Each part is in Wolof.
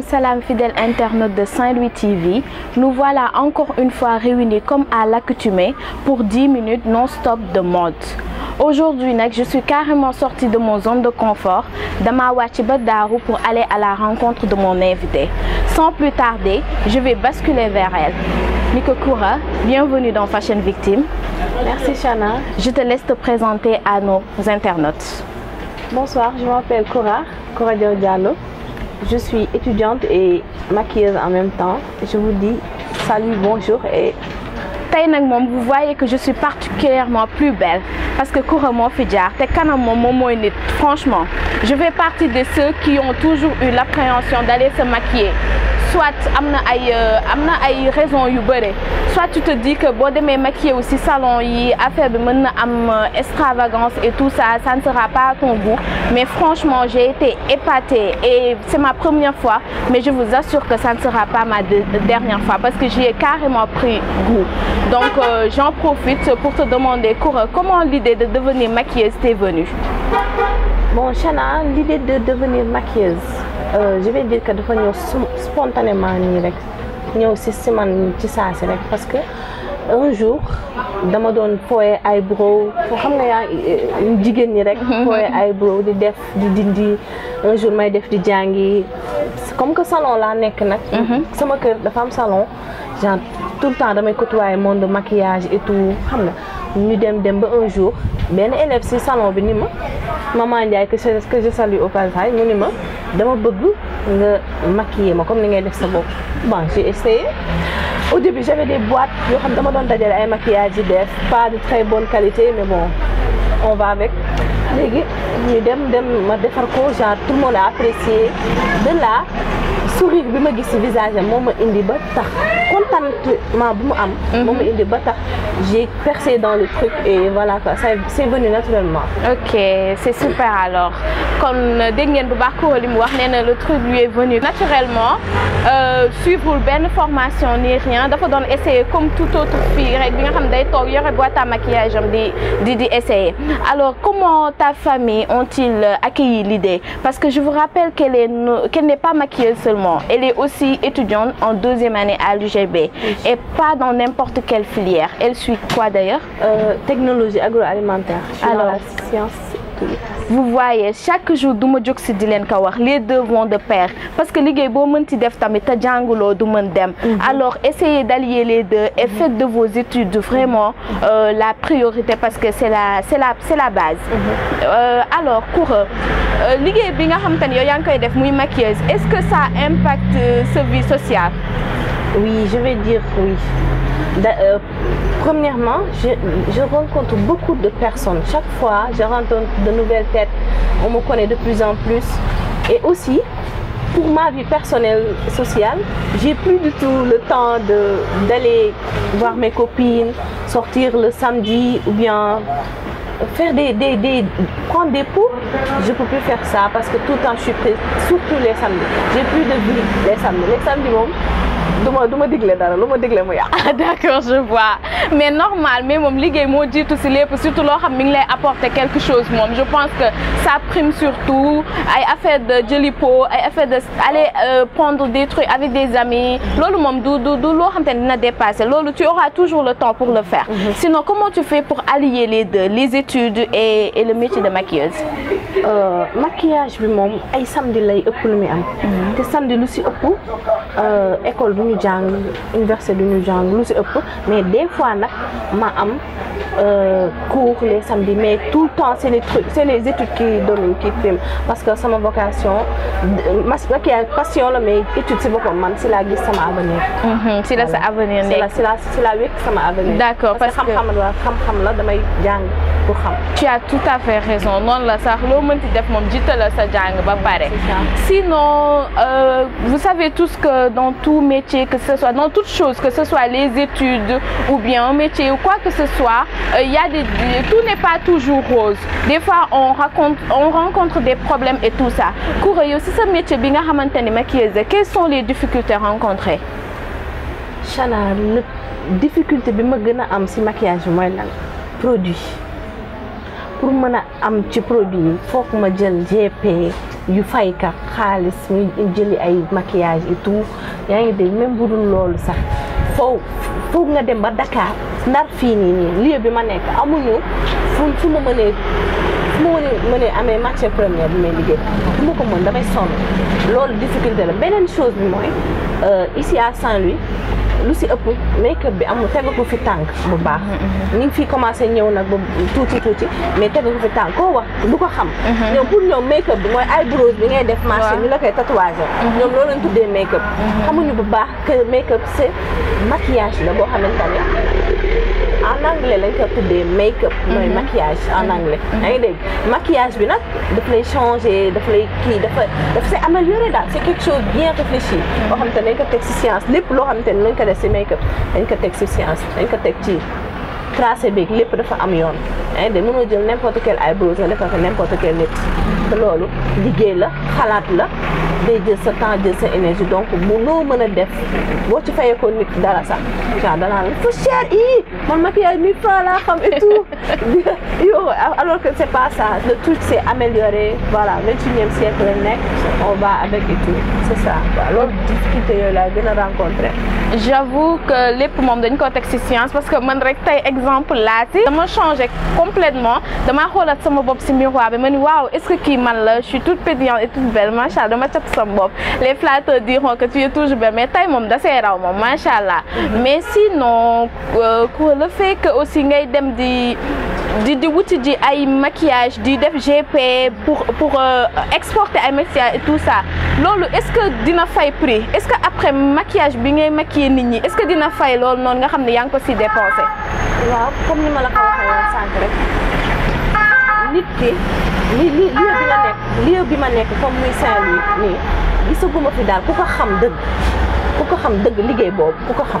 Salam fidèle internaute de Saint-Louis TV, nous voilà encore une fois réunis comme à l'accoutumée pour 10 minutes non-stop de mode. Aujourd'hui, je suis carrément sortie de mon zone de confort, de ma Daru pour aller à la rencontre de mon invité. Sans plus tarder, je vais basculer vers elle. Nico Koura, bienvenue dans Fashion Victime. Merci Chana. Je te laisse te présenter à nos internautes. Bonsoir, je m'appelle Koura, Koura Diallo je suis étudiante et maquilleuse en même temps. Je vous dis salut, bonjour et vous voyez que je suis particulièrement plus belle parce que couramment, je fi mon moment franchement je fais partie de ceux qui ont toujours eu l'appréhension d'aller se maquiller soit tu euh, raison soit tu te dis que boo demee maquiller aussi salon yi affaire bi euh, extravagance et tout ça ça ne sera pas à ton goût mais franchement j'ai été épatée et c'est ma première fois mais je vous assure que ça ne sera pas ma dernière fois parce que j'y ai carrément pris goût donc euh, j'en profite pour te demander comment l'idée de devenir maquilleuse t'est venue Bon Chana l'idée de devenir maquilleuse euh, je vais dire que dafa ñeu spontanément ni rek ñeu ci si man ci saasi rek parce que un jour dama doon fooye ay brow foo xam nga yaa euh, jigéen ñi rek mhm. fooye ay brow di def di dindi un jour may def di jangi comme que salon la nek nak mhm. sama kër dafa am salon genre tout le temps damay côtoyer monde maquillage et tout xam nga nous dem un jour mais élève ci salon ma maman que je que je salue au passage maquiller comme ni ngay bon j'ai essayé au début j'avais des boîtes yo xam maquillage pas de très bonne qualité mais bon on va avec Nous ñu dem ma tout le monde a apprécié de là sourire bi ma gis ci visage am indi ba tax contentement bu am. Mhm. moma indi ba tax j'ai percé dans le truc et voilà quoi ça c'est venu naturellement. ok c'est super alors comme dégg ngeen bu baax ko wax néna le truc lui est venu naturellement euh, suivre ben formation ni rien dafa don essayer comme tout autre fille rek bi nga xam day toog boîte à maquillage am di di di essayer alors comment ta famille ont-ils accueilli l'idée parce que je vous rappelle qu'elle est qu'elle n'est pas maquilleuse seulement elle est aussi étudiante en deuxième année à l'UGB et pas dans n'importe quelle filière. Elle suit quoi d'ailleurs euh, Technologie agroalimentaire. Alors, science. vous voyez chaque jour les deux vont de pair parce que les deux de def mhm. alors essayez d'allier les deux et mhm. faites de vos études vraiment mhm. euh, la priorité parce que c'est la la la base euh, alors coureur. Euh, est-ce que ça impacte euh, sa vie sociale. oui je vais dire oui. Euh, premièrement, je, rencontre beaucoup de personnes. Chaque fois, je rencontre de nouvelles têtes. On me connaît de plus en plus. Et aussi, pour ma vie personnelle, sociale, j'ai plus du tout le temps d'aller voir mes copines, sortir le samedi ou bien faire des, des, des, prendre des pots, je peux plus faire ça parce que tout le temps je suis surtout les samedis. J'ai plus de vie les samedis. Les samedis, bon, du ma du dara lu ma digle mu yàq. Ah, je vois mais normal mais moom dit moo jiitu si lépp surtout loo xam mi ngi lay apporter quelque chose Mom. je pense que ça prime surtout ay affaire de Elle ay affaire de aller euh, prendre des trucs avec des amis Lolo moom du du du loo xam te dina dépasser tu auras toujours le temps pour le faire. Mm-hmm. sinon comment tu fais pour allier les deux les études et et le métier de maquilleuse. Euh, maquillage bi moom ay samedi lay ëpp lu muy am. Mm-hmm. te samedi lu si ëpp euh, école ñuy jàng université nous ñu jàng lu si ëpp mais des fois nag ma am euh, cours les samedis mais tout le temps c'est les trucs c'est les études qui dominent qui priment parce que sama vocation maquillage passion la mais étude si boppam man si laa gis sama avenir. Mm-hmm. si la sa avenir nekk si la si la si la wékk sama avenir. d'accord parce que xam-xam la xam-xam la damay jàng tu as tout à fait raison Non, la sinon euh, vous savez tous que dans tout métier que ce soit dans toute chose que ce soit les études ou bien un métier ou quoi que ce soit euh, il y a des tout n'est pas toujours rose des fois on raconte on rencontre des problèmes et tout ça. Koura si ce métier bi quelles sont les difficultés rencontrées. Chana, difficulté que ma am maquillage produit. pour mën a am ci produit yi foog ma jël GP yu fay ka xaalis muy jëli ay maquillage et tout yaa ngi de même bu dul loolu sax foo pour nga dem ba Dakar ndar fii nii nii lieu bi ma nekk amuñu fu fu ma mënee fu ma mënee amee matière première bi may liggéey du ma ko mën damay sonn loolu difficulté la beneen chose bi mooy euh, ici à saint lu si ëpp make bi amul tegu ko fi tànk bu baax ñu mm-hmm, mm-hmm. ngi fi commencé ñëw nag ba tuuti tuuti mais tegu ko fi tànk koo wax du ko xam ñoom mm-hmm. pour ñoom make-up bi mooy eyebrows bi ngay def marché ñu la koy tatouage ñoom loolu lañ tuddee make-up xamuñu bu baax que make-up c'est maquillage la boo xamante ne en anglais lañ ko tuddee make up. Mhm. mooy maquillage en mhm. anglais. Mhm. yaa ngi dégg maquillage bi nag daf lay changer daf lay kii dafa daf s'est amélioré daal c' est quelque chose bien réfléchi. boo xam te ne dañ ko teg si science lépp loo xam te ne ko def si make up dañ ko teg si science dañ ko teg ci. tracé bi lépp dafa am yoon. yaa ngi dégg mënoo jël n' importe quel eyebrows nga defal ko n' importe quel nit. que loolu liggéey la xalaat la day jël sa temps jël sa énergie donc bu loo mën a def boo ci fayee ko nit dara sax waaw danaa la fa cher i man maquillage mille francs laa xam et tout alors que c'est pas ça. Le tout s'est amélioré. Voilà, 21e siècle on va avec et tout c'est ça. Alors, euh, la difficulté on va rencontrer. j'avoue que les poumons dañ un de science parce que mon rek un exemple là, ça dama changé complètement damaa xoolaat sama bob, ci miroir bi me waouh, est-ce que tu man malade ?» je suis toute pédillante et toute belle machin. dama cap sama bob. les flatteurs diront que tu es toujours belle mais tu es d'assez rare raw mais sinon euh, le fait que aussi ngay dem di di di wuti di ay maquillage di def GP pour pour euh, exporter ay maquillage et tout ça lolou est-ce que dina fay prix est-ce que après maquillage bi ngay maquiller nit ñi est-ce que dina fay lol non nga xam ne ko si dépensé. waaw comme ni ma la ko waxee woon sànq rek nit ki li li lieu bi ma nekk lieu bi ma comme muy Saint-Louis nii gisaguma fi daal ku ko xam deug ku ko xam deug liggéey bob ku ko xam.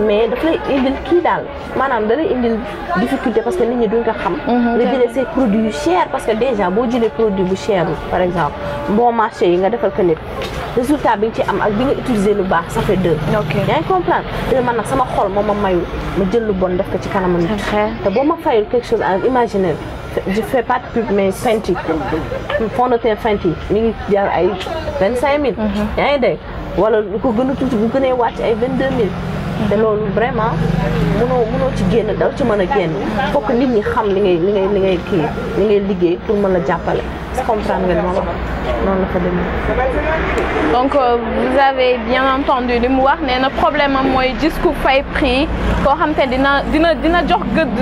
mais daf lay indil kii daal maanaam da lay indil difficulté parce que nit ñi duñ ko xam. Mhm. nga jëlee say produits yu cher parce que déjà boo jëlee produit bu cher bi par exemple bon marché yi nga defal ko nit résultat bi nga ci am ak bi nga utiliser lu baax ça fait deux. ok yaa ngi comprendre te man nag sama xol moom ma mayul ma jël lu bon def ko ci kanama nit. te boo ma fayul quelque chose à imaginer. je fais mais fenty fond de teint fenty mi ngi jaar ay vingt cinq mhm. yaa ngi dégg wala lu ko gën a tuuti bu gënee wàcc ay vingt deux mille te loolu vraiment mënoo mënoo ci génn daw ci mën a génn fokk nit ñi xam li ngay li ngay li ngay kii li ngay liggéey pour mën la jàppale comprendre le la donc euh, vous avez bien entendu de mu n'est le problème moi mooy discours fay prix koo xam te dina dina dina jox gëdd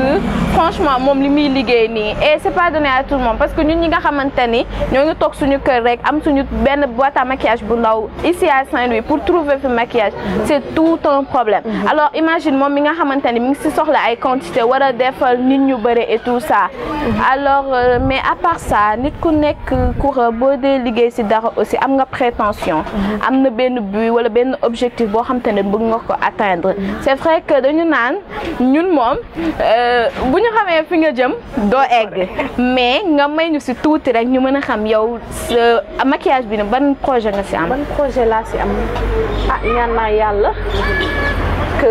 franchement mon limi ligue et c'est pas donné à tout le monde parce que ñun ñi nga xamante ni ñoo ngi toog suñu kër rek am suñu benn boîte à maquillage bu ndaw ici à Saint-Louis pour trouver du maquillage c'est tout un problème mhm. alors imagine moom mi nga mais mi ngi si soxla ay quantité Voilà, des fois, nit ñu et tout ça mhm. alors euh, mais à part ça nit nekk coureur boo dee ci dara aussi am nga prétention mhm. amna ben benn but wala ben objectif bo xam te ne bëgg nga ko atteindre mhm. c'est vrai que dañu naan ñun mom euh buñu xamé fi nga jëm do egg mais nga may ñu ci tuuti rek ñu mëna xam yow sa maquillage bi ne ban projet nga ci am ban projet la ci am ah ñaan naa yàlla que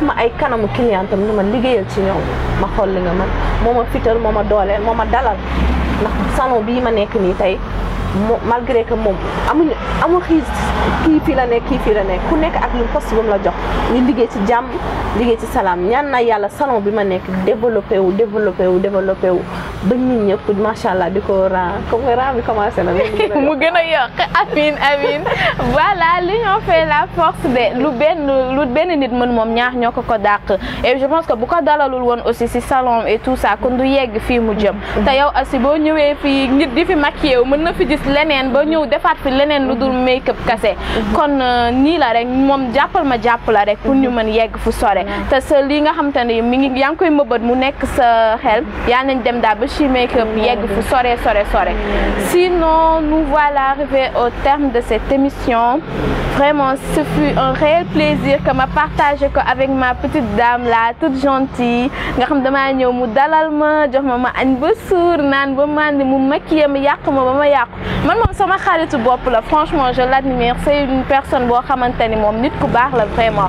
jox ay kanamu clientam ni ma liggéeyal ci ñoom ma xool li nga man moo ma fital moo ma dooleel moo ma dalal ndax salon bii ma nekk nii tey mo malgré que moom amul amul xiis kii fii la nekk kii fii la nekk ku nekk ak lu poste bu mu la jox ñu liggéey ci jàmm liggéey ci salaam ñaan na yàlla salon bi ma nekk développé wu développé wu développé wu ba ñun ñëpp macha allah di ko raa comme raa bi commencé na mu gën a yokk amin amin voilà l'union fait la force de lu benn lu benn nit mën moom ñaar ñoo ko ko dàq et je pense que bu ko dalalul woon aussi si salon et tout ça kon du yegg fii mu jëm mm-hmm. te yow aussi boo ñëwee fii nit di fi maquillé wu mën na fi gis leneen ba ñëw defaat fi leneen lu dul make kase mm-hmm. kon euh, nii la rek moom jàppal ma jàpp la rek pour ñu mm-hmm. mën yegg fu sore te sa li nga xam te ne mi ngi yaa ngi koy mëbët mu nekk sa xel yaa nañ dem ci make-up yegg fu sore sore sore sinon nous voilà arrivés au terme de cette émission vraiment ce fut un réel plaisir que ma partagé ko avec ma petite dame là toute gentille nga xam damaa ñëw mu dalal ma jox ma ma añ ba suur naan ba mandi mu maquillé ma yàq ma ba ma yàqu man moom sama xaritu bopp la franchement je l'admire c'est une personne boo xamante ni moom nit ku baax la vraiment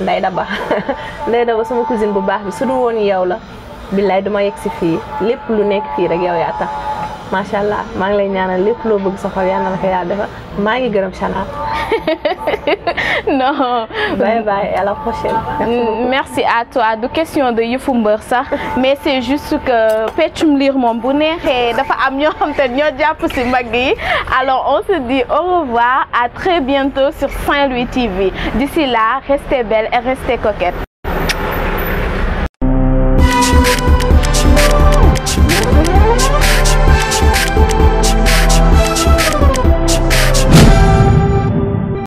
nday daba nday daba sama cousine bu baax bi su du woon yow la billaay duma yegg si fii lépp lu nekk fii rek yow yaa tax macha allah maa ngi lay ñaanal lépp loo bëgg sa xol yàlla na la ko yaa maa ngi gërëm Chana non. Bye bye à la prochaine. Merci, mm, à toi. De question de Youfou ça, mais c'est juste que peux-tu me lire mon bonheur et alors on se dit au revoir, à très bientôt sur Saint-Louis TV. D'ici là, restez belle et restez coquette.